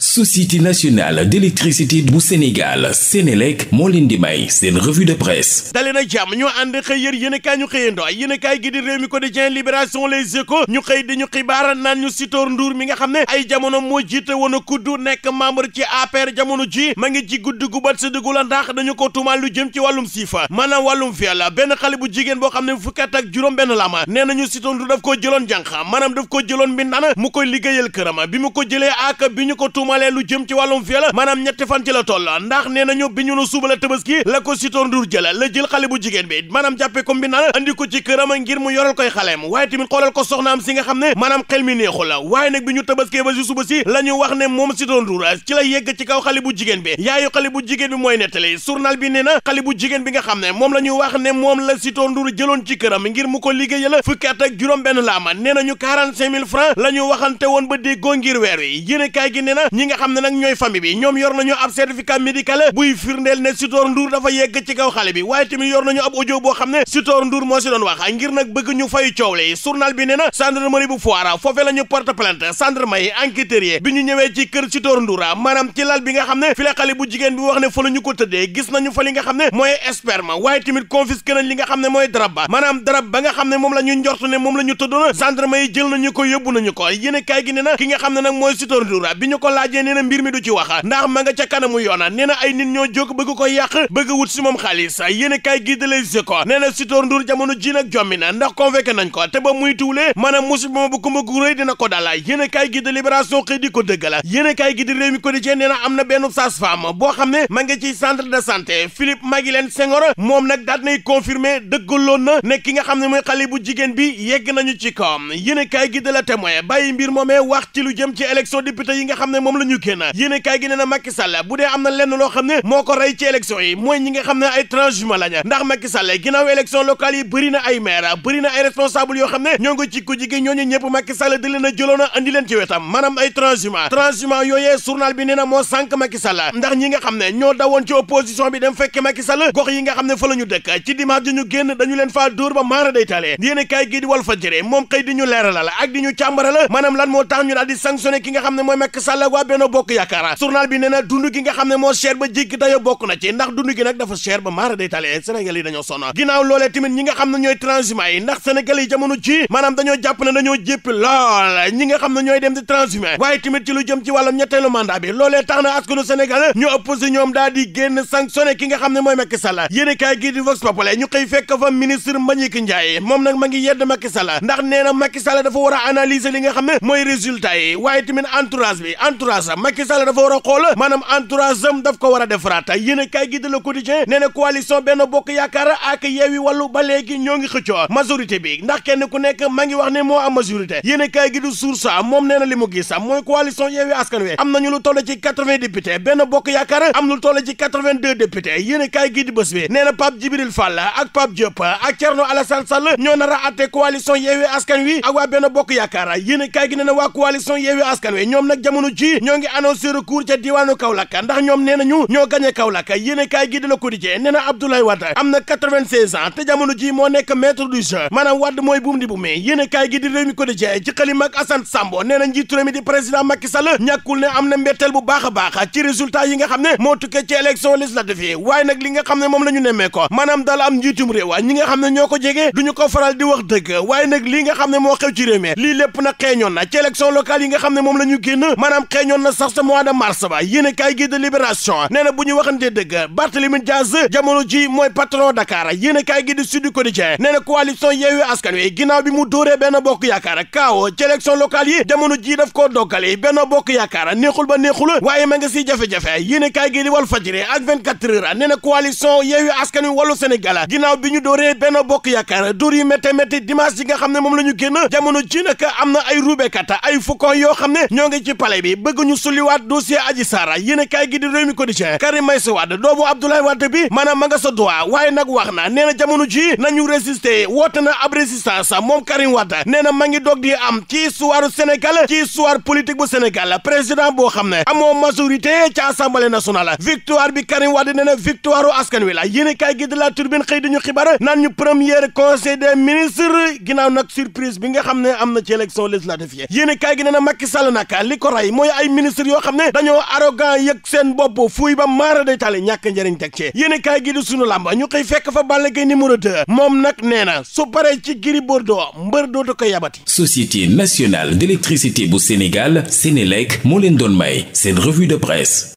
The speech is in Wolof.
société nationale d'électricité bu Sénégal Sénélec moo leen di may seen revue de presse dali na jàmm ñu ànd xëy yër yéenekaay ñu xëyandoo yéenekaay gi di Rewmi Quotidien Libération Les Échos ñu xëy di ñu xibaar naan ñu Sitor Ndour mi nga xam ne ay jamono moo jiite woon a kudd nekk membre ci APR jamono ji ma ngi ci gudd gu bat sa la ndax dañu ko tuumaal lu jëm ci wàllum siifa maanaam wàllum viol benn xale bu jigéen boo xam ne fukki at ak juróom benn la ma nee nañu Sitor Ndour daf ko jëloon jànq maanaam tuumalee lu jëm ci wàllum viol maanaam ñetti fan ci la toll ndax nee nañu bi ñu nu suubala tabaski la ko Sitor Ndour jëla la jël xale bu jigéen bi maanaam jàppe ko mbindal andi ko ci këram ngir mu yoral koy xaleem waaye tamit xoolal ko soxnaam si nga xam ne maanaam xel la waaye nag bi ñu tabaskee ba suba si la ñu wax ne moom Sitor Ndour ci la yegg ci kaw xale bu jigéen bi yaayu xale bu jigéen bi mooy nettali journal bi nee na xale bu bi nga xam ne moom la ñu wax ne moom la Sitor Ndour jëloon ci këram ngir mu ko liggéeyal fukki at ak juróom benn laama nee nañu 45000 francs la ñu waxante woon ba déggoo ngir weer wi yéene kaay gi nee na li nga xam ne nag ñooy famille bi ñoom yor nañu ab certificat médical buy firndeel ne Sitor Ndour dafa yegg ci kaw xale bi waaye tamit yor nañu ab audio boo xam ne Sitor Ndour moo si doon wax ngir nag bëgg ñu fay coow li journal bi nee na gendarmerie bu Foire foofee la porte plainte gendarme yi enquêteurs bi ñu ñëwee ci kër Sitor Ndour maanaam ci bi nga xam ne fi la xale bu jigéen bi wax ne fa la ko tëddee gis nañu fa nga xam ne mooy sperme waaye nga xam ne mooy darab ba maanaam darab ba moom la ñu njort ne moom la ñu tëddoon gendarme yi jël nga xam ne nag mooy Sitor ko laaj laajee nee na mbir mi du ci wax ndax ma nga ca kanamu yoona nee na ay nit ñoo jóg bëgg ko yàq bëgg wut si moom xaalis yéen kay gi de Les Échos nee na Sitor jamono ji nag jommi ndax convoqué nañ ko te ba muy tuulee maanaam musiba bu kumba rëy dina ko dala yéen kay gi de xëy di ko dëgg la yéen kay gi di Rewmi Quotidien nee na am na benn sage-femme boo xam ne ma nga ci centre de santé Philippe Maguilène Senghor moom nag daat nay confirmé na ne ki nga xam ne mooy xale bu bi yegg nañu ci koom yéen kay gi la ñu génn yéene gi nee na Macky bu dee am na lenn loo xam ne moo ko rey ci élection yi mooy ñi nga xam ne ay transhumant lañu ndax Macky Sall ginnaaw élection locale yi bëri ay maire bëri ay responsable yoo xam ne ñoo ngi ku jigi ñooñu ñëpp Macky Sall di leen a jëloon ci wetam maanaam ay transhumant transhumant yooyee journal bi nee na moo sànq Macky Sall ndax ñi nga xam ne ñoo dawoon ci opposition bi dem fekke Macky Sall gox yi nga xam waa Benno Bokk Yaakaar journal bi nee na nga xam ne moo cher ba jéggi bokk na ci ndax dund nag dafa cher ba maara day tale Sénégal dañoo sonn ginnaaw loolee tamit ñi nga xam ne ñooy transhumant yi ndax Sénégal yi ci maanaam dañoo jàpp dañoo jéppi lool ñi nga xam ne ñooy dem di transhumant waaye tamit ci lu jëm ci wàllum ñetteelu mandat bi loolee tax na askanu Sénégal ñu opposé ñoom daal di génn ki nga xam ne mooy ma ngi yedd Macky Sall a entourage Macky Sall dafa war a xool maanaam entourage daf ko war a defaraat yéen a kaay gi de Le Quotidien nee bokk yaakaar ak yeewi wàllu ba léegi ñoo ngi xëccoo majorité bi ndax kenn ku nekk maa wax ne moo am majorité yéen a kaay gi du source moom nee na li mu gis mooy coalition yeewi askan wi am nañu lu toll ci quatre-vingts députés bokk yaakaar am lu toll ci quatre-vingt-deux députés yéen a kaay gi di bés bi nee ak Pape Diop ak Thierno ñoo ngi annoncé recours ca diwaanu Kaolack ndax ñoom nee nañu ñoo gañe kaw yéen kaay gi di la Quotidien nee na Abdoulaye Wade am na 96 ans te jamono ji moo nekk maître du jeu maanaam Wade mooy buum di bu mee yéen kaay gi di Rewmi Quotidien ci xalima Sambo nee na njiitu réew mi di président Macky Sall ñàkkul ne am na mbetteel bu baax a baax ci résultat yi nga xam ne moo tukkee ci élection législative yi waaye nag li nga xam ne moom la ñu nemmee ko maanaam daal am njiitum réew ñi nga xam ne ko jege duñu ko faral di wax dëgg nag li nga xam ne moo xew ci réew mi na ci élection locale yi nga xam ne moom la ñu génn maanaam xeeñ ñoon na sax sa mois de mars ba yéene kaay gi de libération nee na bu ñu waxantee dëgg Barthélémy Diaz jamono ji mooy patron Dakar yéene kaay gi di Sud Quotidien nee na coalition Yewwi Askan Wi ginnaaw bi mu dóoree Benno Bokk Yaakaar kaawo ci élection yi jamono ji daf koo doggale Benno Bokk Yaakaar neexul ba neexul waaye ma nga si jafe-jafe yéene kaay gi di Walf Fadjri ak 24 heures nee na coalition Yewwi Askan Wi Wallu bi ñu dóoree Benno Bokk Yaakaar dóor yi xam ne moom la ñu génn jamono ji nag am yoo xam ne ñoo ngi bi fekk ñu sulliwaat dossier Adji Sarr yéen a kaay gi di Rewmi Quotidien Karim Meïssa Wade doomu Abdoulaye Wade bi maanaam ma nga sa waaye nag wax na nee na jamono ji nañu résister woote na ab résistance moom Karim Wade nee na ma ngi doog di am ci histoire Sénégal ci histoire politique bu Sénégal président boo xam ne amoo majorité ca assemblée nationale victoire bi Karim Wade nee na victoire u askan wi la yéen a kaay gi di La Tribune xëy di ñu xibaar naan ñu premier conseil des ministres ginnaaw nag surprise bi nga xam ne am na ci élection législative yi yéen a kaay ministre yoo xam ne dañoo arrogant yëg seen bopp fuuy ba maara day tali ñàkk njëriñ teg ci yéen kaay gi di sunu làmb ñu xëy fekk fa Balla Gaye numéro 2 moom nag nee na su paree ci Gris Bordeaux mbër dootu ko yabati. Société nationale d'électricité bu Sénégal Sénélec moo leen doon may seen revue de presse.